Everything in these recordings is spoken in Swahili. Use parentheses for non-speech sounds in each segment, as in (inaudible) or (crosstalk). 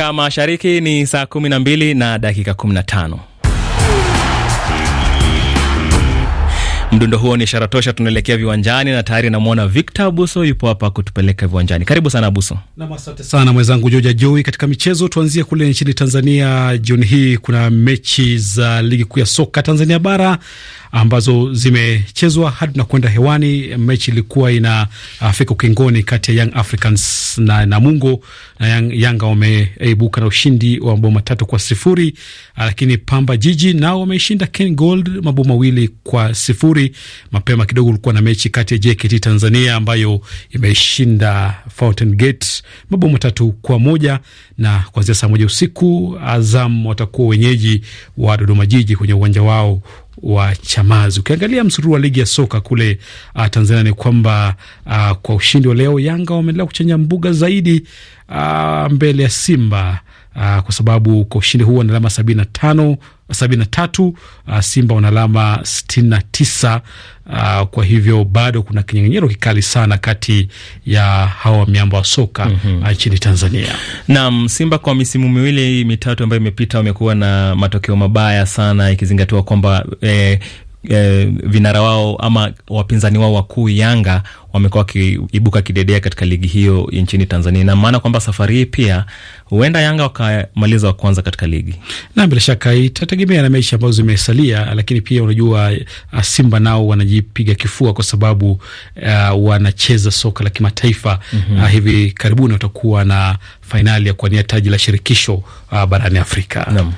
Afrika Mashariki ni saa 12 na dakika 15. Mdundo huo ni ishara tosha, tunaelekea viwanjani na tayari namwona Victor Abuso yupo hapa kutupeleka viwanjani. Karibu sana Abuso. Nam, asante sana mwenzangu Joja Joi. Katika michezo, tuanzie kule nchini Tanzania. Jioni hii kuna mechi za ligi kuu ya soka Tanzania bara ambazo zimechezwa hadi na kwenda hewani. Mechi ilikuwa inafika uh, ukingoni kati ya Young Africans na Namungo na Yang, Yanga wameibuka na ushindi wa mabao matatu kwa sifuri, uh, lakini Pamba Jiji nao wameshinda Ken Gold mabao mawili kwa sifuri. Mapema kidogo ulikuwa na mechi kati ya JKT Tanzania ambayo imeshinda Fountain Gate mabao matatu kwa moja, na kuanzia saa moja usiku Azam watakuwa wenyeji wa Dodoma Jiji kwenye uwanja wao wa Chamazi. Ukiangalia msururu wa ligi ya soka kule uh, Tanzania ni kwamba uh, kwa ushindi wa leo Yanga wameendelea kuchanja mbuga zaidi uh, mbele ya Simba uh, kwa sababu kwa ushindi huo wana alama sabini na tano 73, uh, Simba wana alama 69. Uh, kwa hivyo bado kuna kinyang'anyiro kikali sana kati ya hawa miamba wa soka mhm. uh, nchini mm -hmm. Tanzania. Naam, Simba kwa misimu miwili mitatu ambayo imepita wamekuwa na matokeo mabaya sana ikizingatiwa kwamba eh, E, vinara wao ama wapinzani wao wakuu Yanga wamekuwa wakiibuka kidedea katika ligi hiyo nchini Tanzania. Ina maana kwamba safari hii pia huenda Yanga wakamaliza wa kwanza katika ligi, na bila shaka itategemea na mechi ambazo zimesalia, lakini pia unajua uh, Simba nao wanajipiga kifua kwa sababu uh, wanacheza soka la kimataifa mm -hmm. Uh, hivi karibuni watakuwa na fainali ya kuwania taji la shirikisho uh, barani Afrika Naam.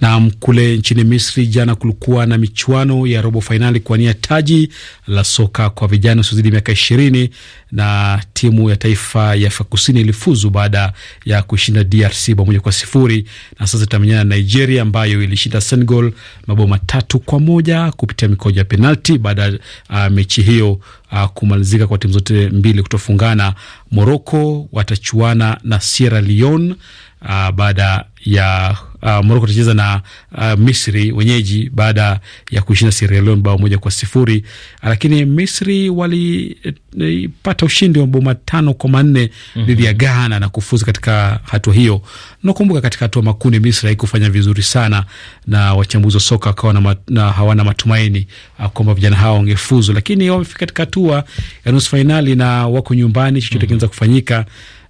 Naam, kule nchini Misri jana kulikuwa na michuano ya robo fainali kuwania taji la soka kwa vijana usiozidi miaka ishirini ishirini na timu ya taifa ya Afrika Kusini ilifuzu baada ya kushinda DRC bao moja kwa sifuri na sasa itamenyana na Nigeria ambayo ilishinda Senegal mabao matatu kwa moja kupitia mikoja ya penalti baada ya uh, mechi hiyo uh, kumalizika kwa timu zote mbili kutofungana. Moroko watachuana na Sierra Leone uh, baada ya uh, Moroko itacheza na uh, Misri wenyeji baada ya kuishinda Sierra Leone bao moja kwa sifuri, lakini Misri walipata eh, ushindi wa mabao matano kwa manne mhm. dhidi mm -hmm. ya Ghana na kufuzu katika hatua hiyo. Nakumbuka katika hatua makundi Misri haikufanya vizuri sana, na wachambuzi wa soka wakawa mat, na hawana matumaini uh, kwamba vijana hawa wangefuzu, lakini wamefika katika hatua ya nusu fainali na wako nyumbani, chochote mm -hmm. kinaweza mhm. kufanyika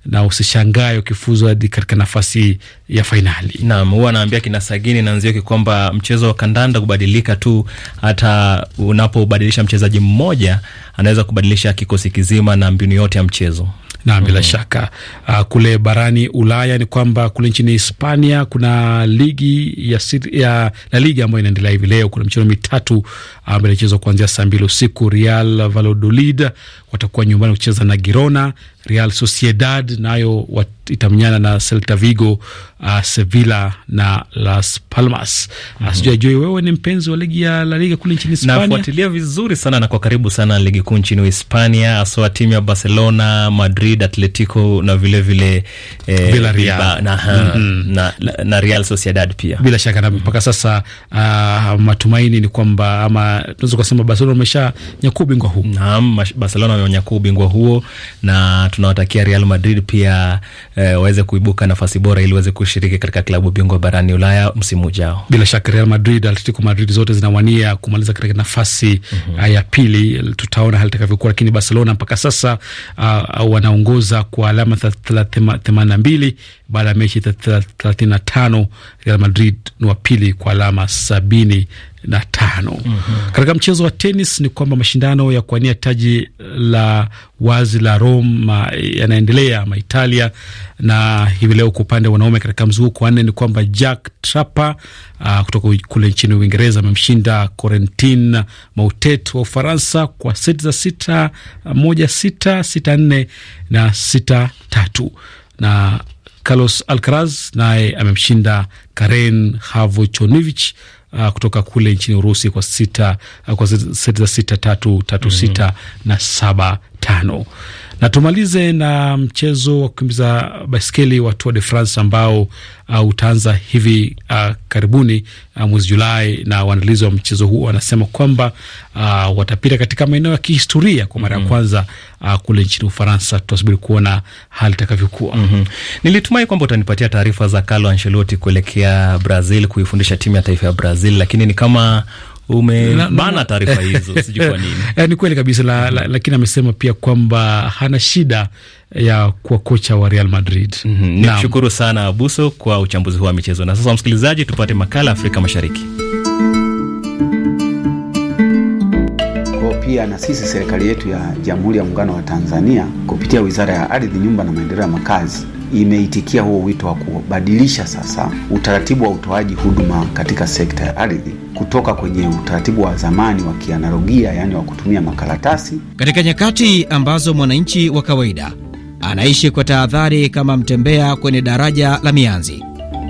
na usishangae ukifuzwa hadi katika nafasi ya fainali. Naam, huwa anaambia kina Sagini na Nzioki kwamba mchezo wa kandanda kubadilika tu, hata unapobadilisha mchezaji mmoja anaweza kubadilisha kikosi kizima na mbinu yote ya mchezo na bila mm. shaka uh, kule barani Ulaya ni kwamba kule nchini Hispania kuna ligi ya, ya La ligi ambayo inaendelea hivi leo. Kuna michezo mitatu ambayo inachezwa kuanzia saa mbili usiku. Real Valladolid watakuwa nyumbani kucheza na Girona. Real Sociedad nayo na itamenyana na Celta Vigo, uh, Sevilla na Las Palmas. Uh, mm -hmm. Sijajui wewe ni mpenzi wa ligi ya La Liga kule nchini Hispania? Nafuatilia vizuri sana na kwa karibu sana ligi kuu nchini Hispania, haswa timu ya Barcelona, Madrid, Atletico na vilevile vile, eh, Villarreal na, mm -hmm. na, na Real Sociedad pia bila shaka na mpaka sasa uh, matumaini ni kwamba ama tunaweza kusema Barcelona wamesha nyakua ubingwa huu. Naam, Barcelona amenyakua ubingwa huo na tunawatakia Real Madrid pia eh, waweze kuibuka nafasi bora ili waweze kushiriki katika klabu bingwa barani Ulaya msimu ujao. Bila shaka Real Madrid, Atletico Madrid zote zinawania kumaliza katika nafasi mm -hmm. ya pili. Tutaona hali itakavyokuwa, lakini Barcelona mpaka sasa uh, wanaongoza kwa alama themanini na mbili baada ya mechi 35. Real Madrid ni wa pili kwa alama 75. Mm -hmm. Katika mchezo wa tenis ni kwamba mashindano ya kuwania taji la wazi la Roma yanaendelea ma Italia, na hivi leo kwa upande wa wanaume katika mzunguko wa nne ni kwamba Jack Trapper uh, kutoka kule nchini Uingereza amemshinda Corentin Moutet wa Ufaransa kwa seti za sita moja sita sita nne na sita tatu na Carlos Alcaraz naye amemshinda Karen havochonivich Uh, kutoka kule nchini Urusi kwa sita, uh, kwa seti za sita tatu tatu sita mhm. na saba tano. Na tumalize na mchezo wa kukimbiza baiskeli wa Tour de France ambao uh, utaanza hivi uh, karibuni uh, mwezi Julai, na waandalizi wa mchezo huo wanasema kwamba uh, watapita katika maeneo ya kihistoria kwa mara ya mm -hmm. kwanza uh, kule nchini Ufaransa. Tutasubiri kuona hali itakavyokuwa. mm -hmm. Nilitumai kwamba utanipatia taarifa za Carlo Ancelotti kuelekea Brazil kuifundisha timu ya taifa ya Brazil, lakini ni kama umebana taarifa hizo, (laughs) sijui kwa nini. Eh, ni kweli kabisa la, la, lakini amesema pia kwamba hana shida ya kuwa kocha wa Real Madrid. mm -hmm. Ni kushukuru sana Abuso kwa uchambuzi huu wa michezo, na sasa msikilizaji, tupate makala Afrika Mashariki. Pia na sisi serikali yetu ya Jamhuri ya Muungano wa Tanzania kupitia Wizara ya Ardhi, Nyumba na Maendeleo ya Makazi imeitikia huo wito wa kubadilisha sasa utaratibu wa utoaji huduma katika sekta ya ardhi kutoka kwenye utaratibu wa zamani wa kianalogia, yani wa kutumia makaratasi, katika nyakati ambazo mwananchi wa kawaida anaishi kwa tahadhari kama mtembea kwenye daraja la mianzi.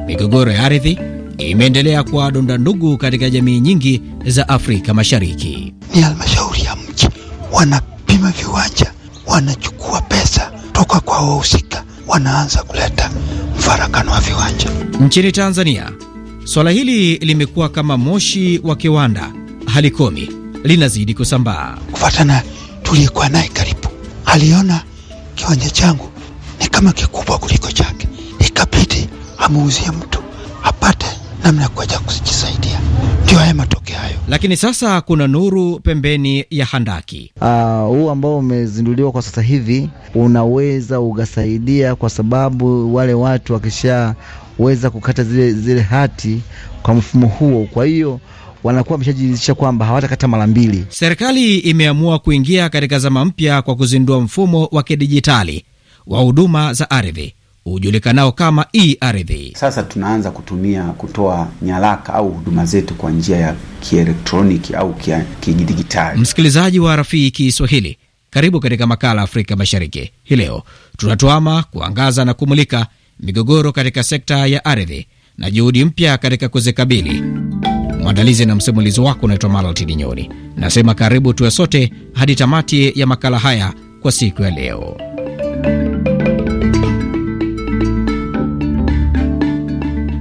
Migogoro ya ardhi imeendelea kwa donda ndugu katika jamii nyingi za Afrika Mashariki. Ni halmashauri ya mji wanapima viwanja, wanachukua pesa toka kwa wahusika wanaanza kuleta mfarakano wa viwanja nchini Tanzania. Swala hili limekuwa kama moshi wa kiwanda, halikomi, linazidi kusambaa. Kufatana tuliyekuwa naye karibu, aliona kiwanja changu ni kama kikubwa kuliko chake, ikabidi amuuzie mtu apate namna ya kuja kujisaidia ndio haya matokeo hayo. Lakini sasa kuna nuru pembeni ya handaki. Uh, huu ambao umezinduliwa kwa sasa hivi unaweza ukasaidia, kwa sababu wale watu wakishaweza kukata zile, zile hati kwa mfumo huo, kwa hiyo wanakuwa wameshajiridhisha kwamba hawatakata mara mbili. Serikali imeamua kuingia katika zama mpya kwa kuzindua mfumo wa kidijitali wa huduma za ardhi hujulikanao kama e-ardhi. Sasa tunaanza kutumia kutoa nyaraka au huduma zetu kwa njia ya kielektroniki au kidigitali. Msikilizaji wa Rafii Kiswahili, karibu katika makala Afrika Mashariki. Hii leo tunatuama kuangaza na kumulika migogoro katika sekta ya ardhi na juhudi mpya katika kuzikabili. Mwandalizi na msimulizi wako unaitwa Malaltini Nyoni, nasema karibu tuwe sote hadi tamati ya makala haya kwa siku ya leo.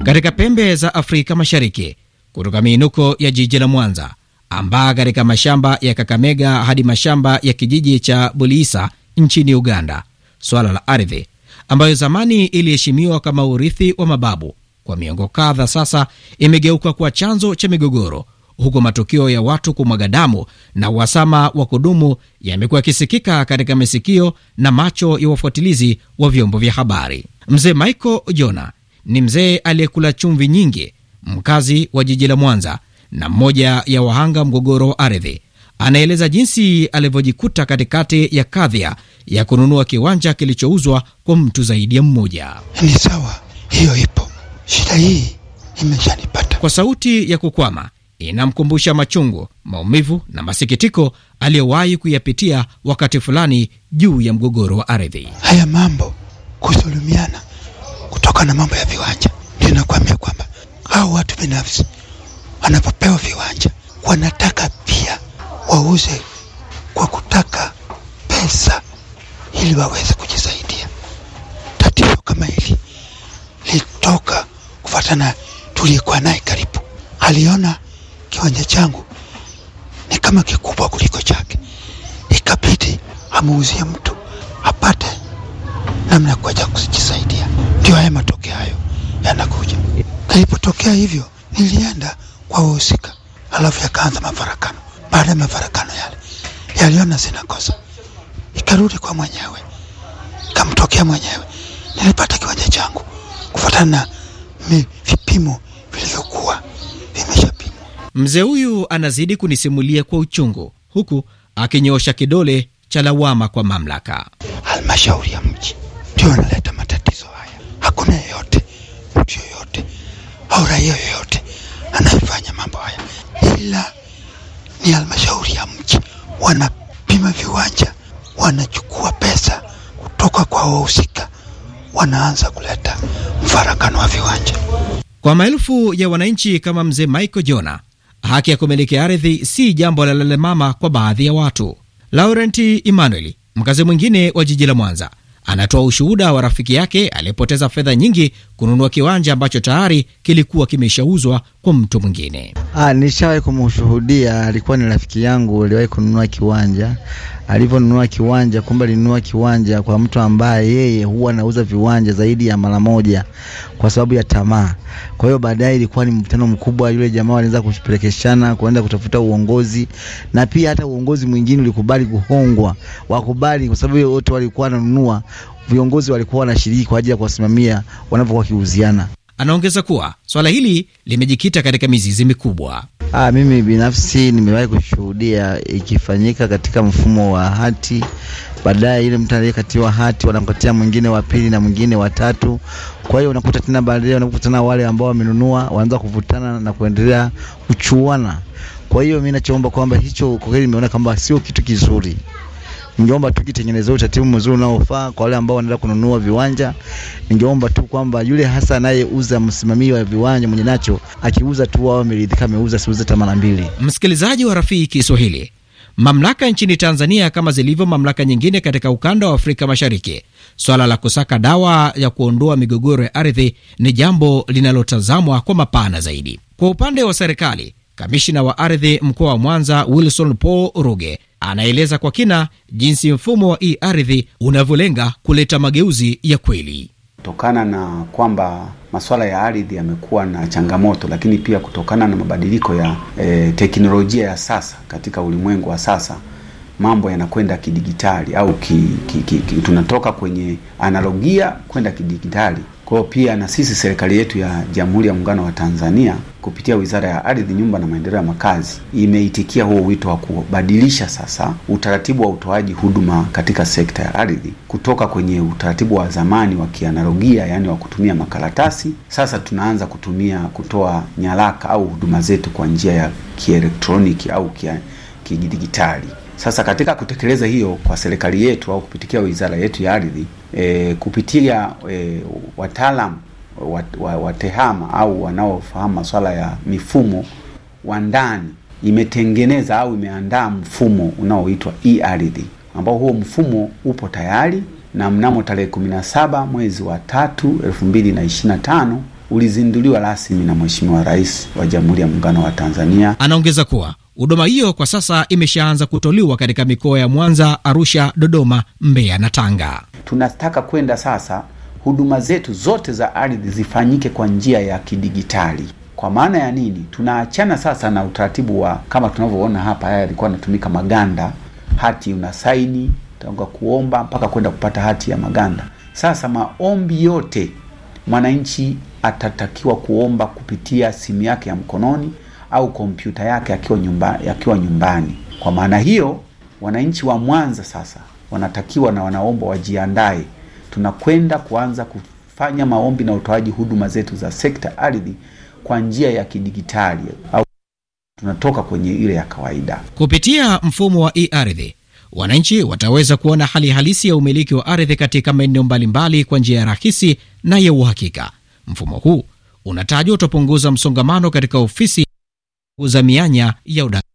katika pembe za Afrika Mashariki, kutoka miinuko ya jiji la Mwanza ambaa katika mashamba ya Kakamega hadi mashamba ya kijiji cha Buliisa nchini Uganda. Swala la ardhi ambayo zamani iliheshimiwa kama urithi wa mababu, kwa miongo kadha sasa imegeuka kuwa chanzo cha migogoro, huku matukio ya watu kumwaga damu na uhasama wa kudumu yamekuwa yakisikika katika masikio na macho ya wafuatilizi wa vyombo vya habari. Mzee Michael Jona ni mzee aliyekula chumvi nyingi, mkazi wa jiji la Mwanza na mmoja ya wahanga mgogoro wa ardhi. Anaeleza jinsi alivyojikuta katikati ya kadhia ya kununua kiwanja kilichouzwa kwa mtu zaidi ya mmoja. Ni sawa, hiyo ipo, shida hii imeshanipata. Kwa sauti ya kukwama inamkumbusha machungu, maumivu na masikitiko aliyowahi kuyapitia wakati fulani juu ya mgogoro wa ardhi. Haya mambo, kusulumiana kutoka na mambo ya viwanja. nakwambia kwamba hao watu binafsi wanapopewa viwanja wanataka pia wauze kwa kutaka pesa ili waweze kujisaidia. Tatizo kama hili litoka kufatana, tuliyekuwa naye karibu aliona kiwanja changu ni kama kikubwa kuliko chake, ikabidi amuuzie mtu apate namna ya kuja ndio haya matokeo hayo yanakuja. Kalipotokea hivyo, nilienda kwa wahusika, alafu yakaanza mafarakano. Baada ya mafarakano yale, yaliona sina kosa, ikarudi kwa mwenyewe, kamtokea mwenyewe. Nilipata kiwanja changu kufuatana na vipimo vilivyokuwa vimeshapimwa. Mzee huyu anazidi kunisimulia kwa uchungu, huku akinyoosha kidole cha lawama kwa mamlaka. Halmashauri ya mji ndio naleta Hakuna yeyote, mtu yoyote au raia yoyote anayefanya mambo haya, ila ni halmashauri ya mji wanapima viwanja, wanachukua pesa kutoka kwa wahusika, wanaanza kuleta mfarakano wa viwanja kwa maelfu ya wananchi. Kama mzee Michael Jona, haki ya kumiliki ardhi si jambo la lelemama kwa baadhi ya watu. Laurenti Emmanuel, mkazi mwingine wa jiji la Mwanza, Anatoa ushuhuda wa rafiki yake aliyepoteza fedha nyingi kununua kiwanja ambacho tayari kilikuwa kimeshauzwa kwa mtu mwingine. Ah, Nishawahi kumshuhudia, alikuwa ni rafiki yangu, aliwahi kununua kiwanja. Alivyonunua kiwanja, kumbe alinunua kiwanja kwa mtu ambaye yeye huwa anauza viwanja zaidi ya mara moja kwa sababu ya tamaa. Kwa hiyo baadaye ilikuwa ni mvutano mkubwa, yule jamaa alianza kupelekeshana kuenda kutafuta uongozi, na pia hata uongozi mwingine ulikubali kuhongwa, wakubali kwa sababu wote walikuwa wananunua, viongozi walikuwa wanashiriki kwa ajili ya kuwasimamia wanavyokuwa kiuziana. Anaongeza kuwa swala hili limejikita katika mizizi mikubwa. Aa, ah, mimi binafsi nimewahi kushuhudia ikifanyika katika mfumo wa hati, baadaye ile mtu aliyekatiwa hati wanakatia mwingine wa pili na mwingine wa tatu. Kwa hiyo unakuta tena baadaye wanakutana wale ambao wamenunua, wanaanza kuvutana na kuendelea kuchuana. Kwa hiyo mi nachoomba kwamba hicho kwa kweli nimeona kwamba sio kitu kizuri. Ningeomba tujitengenezee utaratibu mzuri unaofaa kwa wale ambao wanaenda kununua viwanja. Ningeomba tu kwamba yule hasa anayeuza, msimamizi wa viwanja mwenye nacho, akiuza tu wao ameridhika, ameuza, siuze hata mara mbili. Msikilizaji wa Rafiki Kiswahili, mamlaka nchini Tanzania kama zilivyo mamlaka nyingine katika ukanda wa Afrika Mashariki, swala la kusaka dawa ya kuondoa migogoro ya ardhi ni jambo linalotazamwa kwa mapana zaidi. Kwa upande wa serikali, kamishina wa ardhi mkoa wa Mwanza Wilson Paul Ruge anaeleza kwa kina jinsi mfumo wa hii ardhi unavyolenga kuleta mageuzi ya kweli kutokana na kwamba masuala ya ardhi yamekuwa na changamoto, lakini pia kutokana na mabadiliko ya e, teknolojia ya sasa katika ulimwengu wa sasa, mambo yanakwenda kidigitali au ki, ki, ki, ki, tunatoka kwenye analogia kwenda kidigitali. Kwa hiyo pia na sisi serikali yetu ya Jamhuri ya Muungano wa Tanzania kupitia Wizara ya Ardhi, Nyumba na Maendeleo ya Makazi imeitikia huo wito wa kubadilisha sasa utaratibu wa utoaji huduma katika sekta ya ardhi kutoka kwenye utaratibu wa zamani wa kianalogia, yaani wa kutumia makaratasi. Sasa tunaanza kutumia kutoa nyaraka au huduma zetu kwa njia ya kielektroniki au kidigitali. Sasa katika kutekeleza hiyo kwa serikali yetu au kupitikia Wizara yetu ya Ardhi e, kupitia e, wataalam wa, wa, wa tehama au wanaofahamu masuala ya mifumo wa ndani imetengeneza au imeandaa mfumo unaoitwa e-ardhi ambao huo mfumo upo tayari na mnamo tarehe 17 mwezi wa tatu 2025 ulizinduliwa rasmi na Mheshimiwa Rais wa Jamhuri ya Muungano wa Tanzania. Anaongeza kuwa Huduma hiyo kwa sasa imeshaanza kutolewa katika mikoa ya Mwanza, Arusha, Dodoma, Mbeya na Tanga. Tunataka kwenda sasa huduma zetu zote za ardhi zifanyike kwa njia ya kidigitali. Kwa maana ya nini? Tunaachana sasa na utaratibu wa kama tunavyoona hapa, haya yalikuwa anatumika maganda, hati unasaini tanga kuomba mpaka kwenda kupata hati ya maganda. Sasa maombi yote mwananchi atatakiwa kuomba kupitia simu yake ya mkononi au kompyuta yake akiwa nyumba, nyumbani. Kwa maana hiyo, wananchi wa Mwanza sasa wanatakiwa na wanaomba wajiandae, tunakwenda kuanza kufanya maombi na utoaji huduma zetu za sekta ardhi kwa njia ya kidigitali au tunatoka kwenye ile ya kawaida. Kupitia mfumo wa e-ardhi, wananchi wataweza kuona hali halisi ya umiliki wa ardhi katika maeneo mbalimbali kwa njia ya rahisi na ya uhakika. Mfumo huu unatajwa utapunguza msongamano katika ofisi kukuza mianya ya udaktari,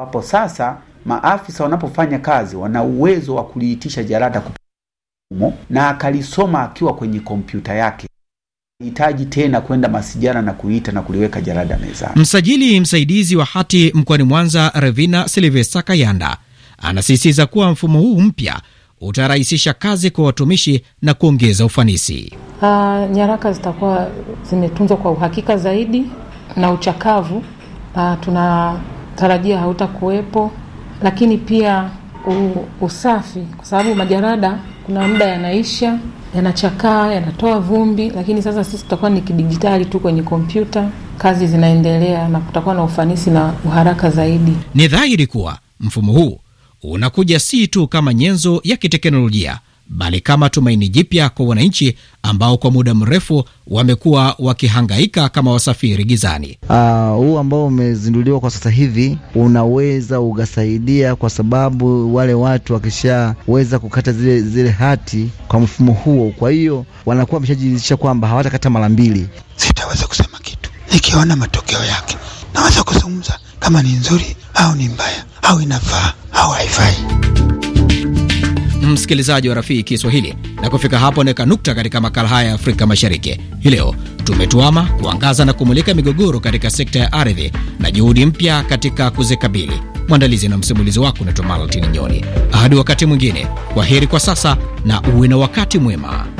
ambapo sasa maafisa wanapofanya kazi wana uwezo wa kuliitisha jarada kupumo na akalisoma akiwa kwenye kompyuta yake hitaji tena kwenda masijara na kuita na kuliweka jarada mezani. Msajili msaidizi wa hati mkoani Mwanza, Revina Silvesta Kayanda, anasisitiza kuwa mfumo huu mpya utarahisisha kazi kwa watumishi na kuongeza ufanisi. Ah, nyaraka zitakuwa zimetunzwa kwa uhakika zaidi na uchakavu uh, tunatarajia hautakuwepo, lakini pia u, usafi, kwa sababu majarada kuna muda yanaisha, yanachakaa, yanatoa vumbi, lakini sasa sisi tutakuwa ni kidijitali tu kwenye kompyuta, kazi zinaendelea na kutakuwa na ufanisi na uharaka zaidi. Ni dhahiri kuwa mfumo huu unakuja si tu kama nyenzo ya kiteknolojia bali kama tumaini jipya kwa wananchi ambao kwa muda mrefu wamekuwa wakihangaika kama wasafiri gizani. Ah, huu uh, ambao umezinduliwa kwa sasa hivi unaweza ukasaidia, kwa sababu wale watu wakishaweza kukata zile, zile hati kwa mfumo huo, kwa hiyo wanakuwa wameshajiridhisha kwamba hawatakata mara mbili. Sitaweza kusema kitu nikiona matokeo yake, naweza kuzungumza kama ni nzuri au ni mbaya au inafaa au haifai msikilizaji wa Rafiki Kiswahili, na kufika hapo naweka nukta katika makala haya ya Afrika Mashariki hii leo. Tumetuama kuangaza na kumulika migogoro katika sekta ya ardhi na juhudi mpya katika kuzikabili. Mwandalizi na msimulizi wako naitwa Maltin Nyoni. Hadi wakati mwingine, kwaheri kwa sasa na uwe na wakati mwema.